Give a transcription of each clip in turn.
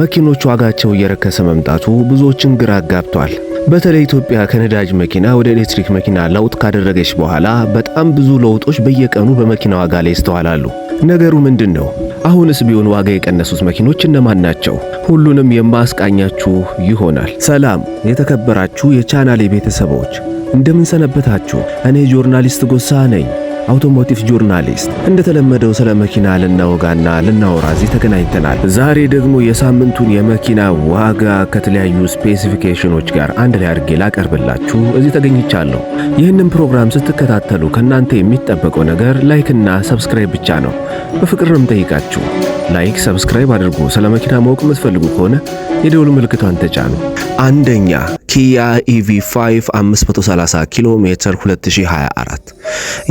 መኪኖች ዋጋቸው እየረከሰ መምጣቱ ብዙዎችን ግራ አጋብቷል። በተለይ ኢትዮጵያ ከነዳጅ መኪና ወደ ኤሌክትሪክ መኪና ለውጥ ካደረገች በኋላ በጣም ብዙ ለውጦች በየቀኑ በመኪና ዋጋ ላይ ይስተዋላሉ። ነገሩ ምንድን ነው? አሁንስ ቢሆን ዋጋ የቀነሱት መኪኖች እነማን ናቸው? ሁሉንም የማስቃኛችሁ ይሆናል። ሰላም የተከበራችሁ የቻናሌ ቤተሰቦች እንደምን ሰነበታችሁ? እኔ ጆርናሊስት ጎሳ ነኝ። አውቶሞቲቭ ጆርናሊስት። እንደተለመደው ስለ መኪና ልናወጋና ልናወራ እዚህ ተገናኝተናል። ዛሬ ደግሞ የሳምንቱን የመኪና ዋጋ ከተለያዩ ስፔሲፊኬሽኖች ጋር አንድ ላይ አድርጌ ላቀርብላችሁ እዚህ ተገኝቻለሁ። ይህንን ፕሮግራም ስትከታተሉ ከእናንተ የሚጠበቀው ነገር ላይክና ሰብስክራይብ ብቻ ነው። በፍቅርም ጠይቃችሁ ላይክ፣ ሰብስክራይብ አድርጉ። ስለ መኪና ማወቅ የምትፈልጉ ከሆነ የደውል ምልክቷን ተጫኑ። አንደኛ ኪያ ኢቪ 5 530 ኪሎ ሜትር 2024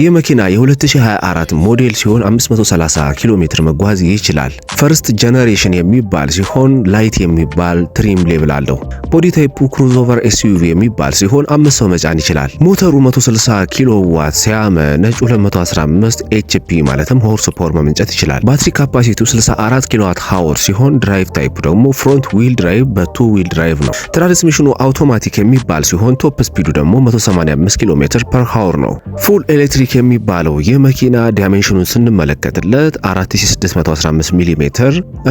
ይህ መኪና መኪና የ2024 ሞዴል ሲሆን 530 ኪሎ ሜትር መጓዝ ይችላል። ፈርስት ጀነሬሽን የሚባል ሲሆን ላይት የሚባል ትሪም ሌብል አለው። ቦዲ ታይፑ ክሩዞቨር ኤስዩቪ የሚባል ሲሆን አምስት ሰው መጫን ይችላል። ሞተሩ 160 ኪሎ ዋት ሲያመ ነጭ 215 ኤችፒ ማለትም ሆርስ ፖወር መንጨት ይችላል። ባትሪ ካፓሲቲው 64 ኪሎ ዋት ሃወር ሲሆን ድራይቭ ታይፑ ደግሞ ፍሮንት ዊል ድራይቭ በቱ ዊል ድራይቭ ነው። ትራንስሚሽኑ አውቶማቲክ የሚባል ሲሆን ቶፕ ስፒዱ ደግሞ 185 ኪሎ ሜትር ፐር ሃወር ነው። ፉል ኤሌክትሪክ የሚባለው የመኪና ዳይሜንሽኑን ስንመለከትለት 4615 ሚሜ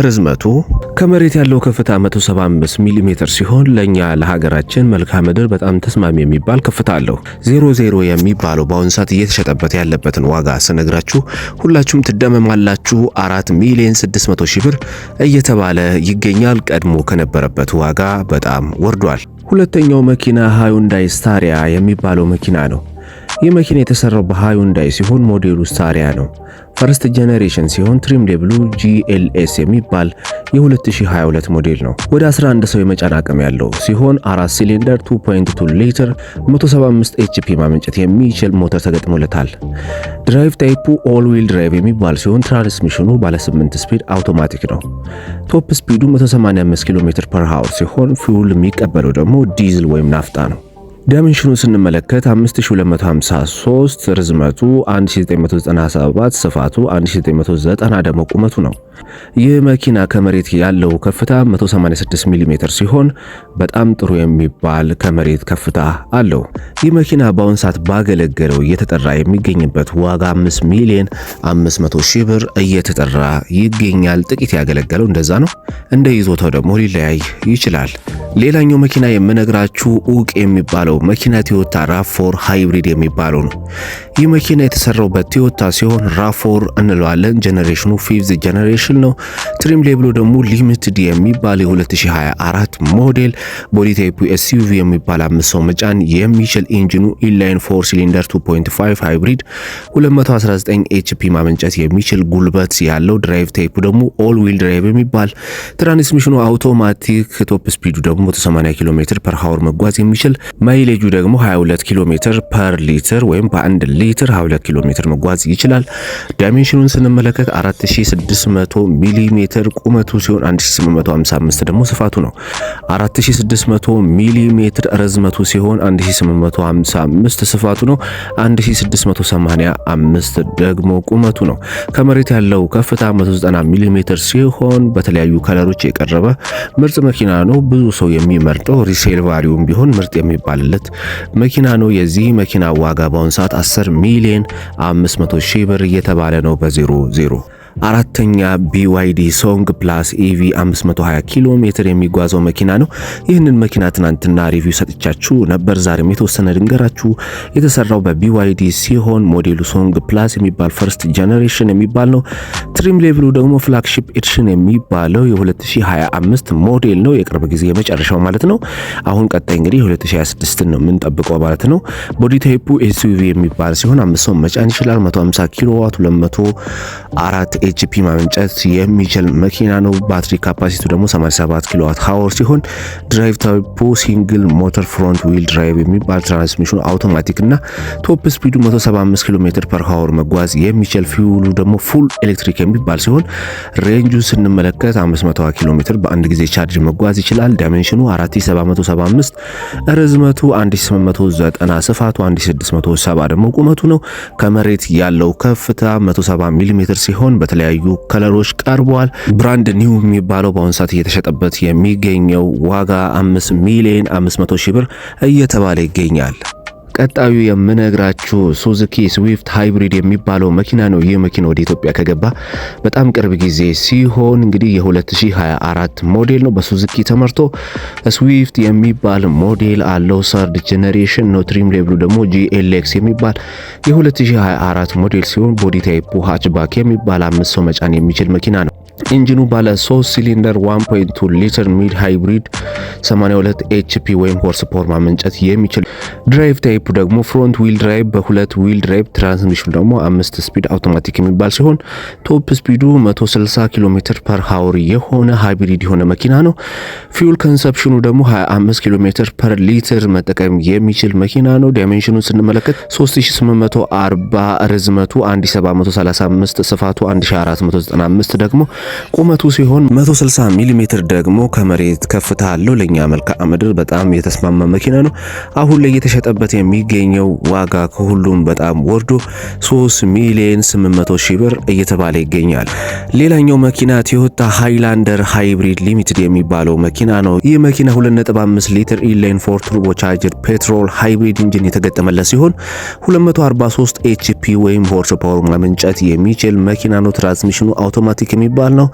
ርዝመቱ ከመሬት ያለው ከፍታ 175 ሚሜ ሲሆን ለኛ ለሀገራችን መልክዓ ምድር በጣም ተስማሚ የሚባል ከፍታ አለው። ዜሮ ዜሮ የሚባለው በአሁኑ ሰዓት እየተሸጠበት ያለበትን ዋጋ ስነግራችሁ ሁላችሁም ትደመማላችሁ። አራት ሚሊዮን ስድስት መቶ ሺህ ብር እየተባለ ይገኛል። ቀድሞ ከነበረበት ዋጋ በጣም ወርዷል። ሁለተኛው መኪና ሃዩንዳይ ስታሪያ የሚባለው መኪና ነው። ይህ መኪና የተሰራው በሃዩንዳይ ሲሆን ሞዴሉ ስታሪያ ነው። ፈርስት ጄኔሬሽን ሲሆን ትሪም ሌብሉ ጂኤልኤስ የሚባል የ2022 ሞዴል ነው። ወደ 11 ሰው የመጫን አቅም ያለው ሲሆን አራት ሲሊንደር 2.2 ሊትር 175 ኤችፒ ማመንጨት የሚችል ሞተር ተገጥሞለታል። ድራይቭ ታይፑ ኦል ዊል ድራይቭ የሚባል ሲሆን ትራንስሚሽኑ ባለ 8 ስፒድ አውቶማቲክ ነው። ቶፕ ስፒዱ 185 ኪሎ ሜትር ፐር ሃውር ሲሆን ፊውል የሚቀበለው ደግሞ ዲዝል ወይም ናፍጣ ነው። ዳይሜንሽኑን ስንመለከት 5253 ርዝመቱ 1997 ስፋቱ 1990 ደግሞ ቁመቱ ነው። ይህ መኪና ከመሬት ያለው ከፍታ 186 ሚሜ ሲሆን በጣም ጥሩ የሚባል ከመሬት ከፍታ አለው። ይህ መኪና በአሁን ሰዓት ባገለገለው እየተጠራ የሚገኝበት ዋጋ 5 ሚሊዮን 500 ሺህ ብር እየተጠራ ይገኛል። ጥቂት ያገለገለው እንደዛ ነው። እንደ ይዞታው ደግሞ ሊለያይ ይችላል። ሌላኛው መኪና የምነግራችሁ ኡቅ የሚባለው መኪና ቲዮታ ራፎር ሃይብሪድ የሚባለው ነው። ይህ መኪና የተሰራው በቲዮታ ሲሆን ራፎር እንለዋለን። ጀነሬሽኑ ፊፍዝ ጀነሬሽን ነው። ትሪም ሌብሎ ደግሞ ሊሚትድ የሚባል የ2024 ሞዴል ቦዲ ታይፕ ኤስዩቪ የሚባል አምስት ሰው መጫን የሚችል ኢንጂኑ ኢንላይን ፎር ሲሊንደር 2.5 ሃይብሪድ 219 ኤችፒ ማመንጨት የሚችል ጉልበት ያለው ድራይቭ ታይፑ ደግሞ ኦል ዊል ድራይቭ የሚባል ትራንስሚሽኑ አውቶማቲክ ቶፕ ስፒዱ ደግሞ 180 ኪሎ ሜትር ፐር ሃወር መጓዝ የሚችል ማይ ማይሌጁ ደግሞ 22 ኪሎ ሜትር ፐር ሊትር ወይም በአንድ ሊትር 22 ኪሎ ሜትር መጓዝ ይችላል። ዳይሜንሽኑን ስንመለከት 4600 ሚሊ ሜትር ቁመቱ ሲሆን 1855 ደግሞ ስፋቱ ነው። 4600 ሚሊ ሜትር ርዝመቱ ሲሆን 1855 ስፋቱ ነው። 1685 ደግሞ ቁመቱ ነው። ከመሬት ያለው ከፍታ 190 ሚሊ ሜትር ሲሆን በተለያዩ ከለሮች የቀረበ ምርጥ መኪና ነው። ብዙ ሰው የሚመርጠው ሪሴል ቫሪውም ቢሆን ምርጥ የሚባል የተገዛለት መኪና ነው። የዚህ መኪና ዋጋ በአሁኑ ሰዓት 10 ሚሊዮን 500 ሺህ ብር እየተባለ ነው በዜሮ ዜሮ አራተኛ ቢዋይዲ ሶንግ ፕላስ ኢቪ 520 ኪሎ ሜትር የሚጓዘው መኪና ነው። ይህንን መኪና ትናንትና ሪቪው ሰጥቻችሁ ነበር። ዛሬም የተወሰነ ድንገራችሁ የተሰራው በቢዋይዲ ሲሆን ሞዴሉ ሶንግ ፕላስ የሚባል ፈርስት ጀነሬሽን የሚባል ነው። ትሪም ሌቭሉ ደግሞ ፍላግሺፕ ኤዲሽን የሚባለው የ2025 ሞዴል ነው። የቅርብ ጊዜ የመጨረሻው ማለት ነው። አሁን ቀጣይ እንግዲህ 2026 ነው የምንጠብቀው ማለት ነው። ቦዲ ታይፑ ኤስዩቪ የሚባል ሲሆን አምስት ሰው መጫን ይችላል። 150 ኪሎዋት 204 ኤችፒ ማመንጨት የሚችል መኪና ነው። ባትሪ ካፓሲቱ ደግሞ 87 ኪሎዋት ሀወር ሲሆን ድራይቭ ታይፑ ሲንግል ሞተር ፍሮንት ዊል ድራይቭ የሚባል ትራንስሚሽኑ አውቶማቲክ እና ቶፕ ስፒዱ 175 ኪሎ ሜትር ፐር ሀወር መጓዝ የሚችል ፊውሉ ደግሞ ፉል ኤሌክትሪክ የሚባል ሲሆን ሬንጁ ስንመለከት 500 ኪሎ ሜትር በአንድ ጊዜ ቻርጅ መጓዝ ይችላል። ዳይሜንሽኑ 4775፣ ርዝመቱ 1890፣ ስፋቱ 1670 ደግሞ ቁመቱ ነው። ከመሬት ያለው ከፍታ 170 ሜትር ሲሆን በተለያዩ ከለሮች ቀርቧል። ብራንድ ኒው የሚባለው በአሁኑ ሰዓት እየተሸጠበት የሚገኘው ዋጋ 5 ሚሊዮን 500 ሺህ ብር እየተባለ ይገኛል። ቀጣዩ የምነግራችሁ ሱዙኪ ስዊፍት ሃይብሪድ የሚባለው መኪና ነው። ይህ መኪና ወደ ኢትዮጵያ ከገባ በጣም ቅርብ ጊዜ ሲሆን እንግዲህ የ2024 ሞዴል ነው። በሱዙኪ ተመርቶ ስዊፍት የሚባል ሞዴል አለው። ሰርድ ጄኔሬሽን ነው። ትሪም ሌብሉ ደግሞ ጂኤልኤክስ የሚባል የ2024 ሞዴል ሲሆን ቦዲ ታይፑ ሃችባክ የሚባል አምስት ሰው መጫን የሚችል መኪና ነው። ኢንጂኑ ባለ 3 ሲሊንደር 1.2 ሊትር ሚድ ሃይብሪድ 82 ኤችፒ ወይም ሆርስ ፖወር ማመንጨት የሚችል ድራይቭ ታይፕ ደግሞ ፍሮንት ዊል ድራይቭ በሁለት ዊል ድራይቭ፣ ትራንስሚሽን ደግሞ አምስት ስፒድ አውቶማቲክ የሚባል ሲሆን ቶፕ ስፒዱ 160 ኪሎ ሜትር ፐር ሃውር የሆነ ሃይብሪድ የሆነ መኪና ነው። ፊውል ኮንሰፕሽኑ ደግሞ 25 ኪሎ ሜትር ፐር ሊትር መጠቀም የሚችል መኪና ነው። ዳይሜንሽኑን ስንመለከት 3840 ርዝመቱ 1735 ስፋቱ 1495 ደግሞ ቁመቱ ሲሆን 160 ሚሜ ደግሞ ከመሬት ከፍታ አለው። ለኛ መልክዓ ምድር በጣም የተስማማ መኪና ነው። አሁን ላይ የተሸጠበት የሚገኘው ዋጋ ከሁሉም በጣም ወርዶ 3 ሚሊዮን 800 ሺህ ብር እየተባለ ይገኛል። ሌላኛው መኪና ቶዮታ ሃይላንደር ሃይብሪድ ሊሚትድ የሚባለው መኪና ነው። ይህ መኪና 2.5 ሊትር ኢንላይን ፎር ቱርቦ ቻርጀር ፔትሮል ሃይብሪድ ኢንጂን የተገጠመለት ሲሆን 243 ኤችፒ ወይም ሆርስ ፓወር ማመንጨት የሚችል መኪና ነው። ትራንስሚሽኑ አውቶማቲክ የሚባል ነው። ነው።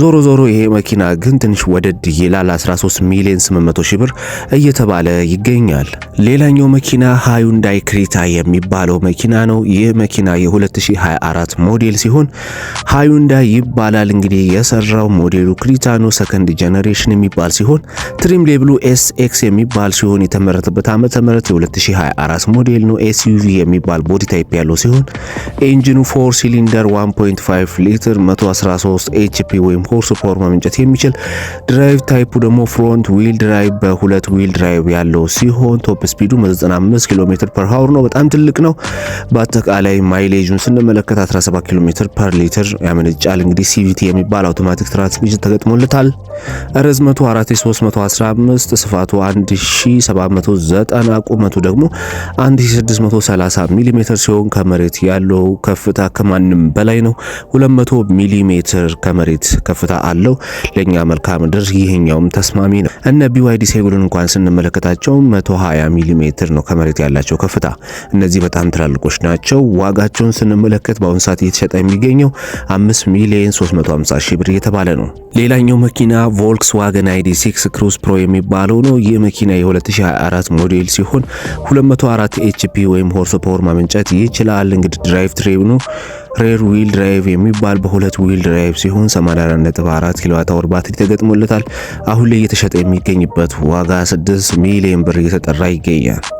ዞሮ ዞሮ ይሄ መኪና ግን ትንሽ ወደድ ይላል። 13 ሚሊዮን 800 ሺህ ብር እየተባለ ይገኛል። ሌላኛው መኪና ሃዩንዳይ ክሪታ የሚባለው መኪና ነው። ይህ መኪና የ2024 ሞዴል ሲሆን ሃዩንዳይ ይባላል። እንግዲህ የሰራው ሞዴሉ ክሪታ ነው። ሰከንድ ጀነሬሽን የሚባል ሲሆን ትሪም ሌብሉ ኤስኤክስ የሚባል ሲሆን የተመረተበት ዓመተ ምህረት የ2024 ሞዴል ነው። ኤስዩቪ የሚባል ቦዲ ታይፕ ያለው ሲሆን ኢንጂኑ 4 ሲሊንደር 1.5 ሊትር 113 ኤችፒ ወይም ሆርስ ፓወር ማመንጨት የሚችል ድራይቭ ታይፑ ደግሞ ፍሮንት ዊል ድራይቭ በሁለት ዊል ድራይቭ ያለው ሲሆን ቶፕ ስፒዱ 95 ኪሎ ሜትር ፐር ሀውር ነው። በጣም ትልቅ ነው። በአጠቃላይ ማይሌጁን ስንመለከት 17 ኪሎ ሜትር ፐር ሊትር ያመነጫል። እንግዲህ ሲቪቲ የሚባል አውቶማቲክ ትራንስሚሽን ተገጥሞለታል። ርዝመቱ 4315፣ ስፋቱ 1790፣ ቁመቱ ደግሞ 1630 ሚሊ ሜትር ሲሆን ከመሬት ያለው ከፍታ ከማንም በላይ ነው። 200 ሚሊ ሜትር ከመሬት ከፍታ አለው። ለእኛ መልክዓ ምድር ይህኛውም ተስማሚ ነው። እነ ቢዋይዲ ሴጉልን እንኳን ስንመለከታቸው 120 ሚሊሜትር ነው ከመሬት ያላቸው ከፍታ። እነዚህ በጣም ትላልቆች ናቸው። ዋጋቸውን ስንመለከት በአሁኑ ሰዓት እየተሸጠ የሚገኘው 5 ሚሊዮን 350 ሺህ ብር እየተባለ ነው። ሌላኛው መኪና ቮልክስዋገን አይዲ6 ክሩዝ ፕሮ የሚባለው ነው። ይህ መኪና የ2024 ሞዴል ሲሆን 204 ኤችፒ ወይም ሆርስ ፖወር ማመንጨት ይችላል። እንግዲህ ድራይቭ ትሬኑ ሬር ዊል ድራይቭ የሚባል በሁለት ዊል ድራይቭ ሲሆን ሲሆን 84.4 ኪሎዋት አወር ባትሪ ተገጥሞለታል። አሁን ላይ እየተሸጠ የሚገኝበት ዋጋ 6 ሚሊዮን ብር እየተጠራ ይገኛል።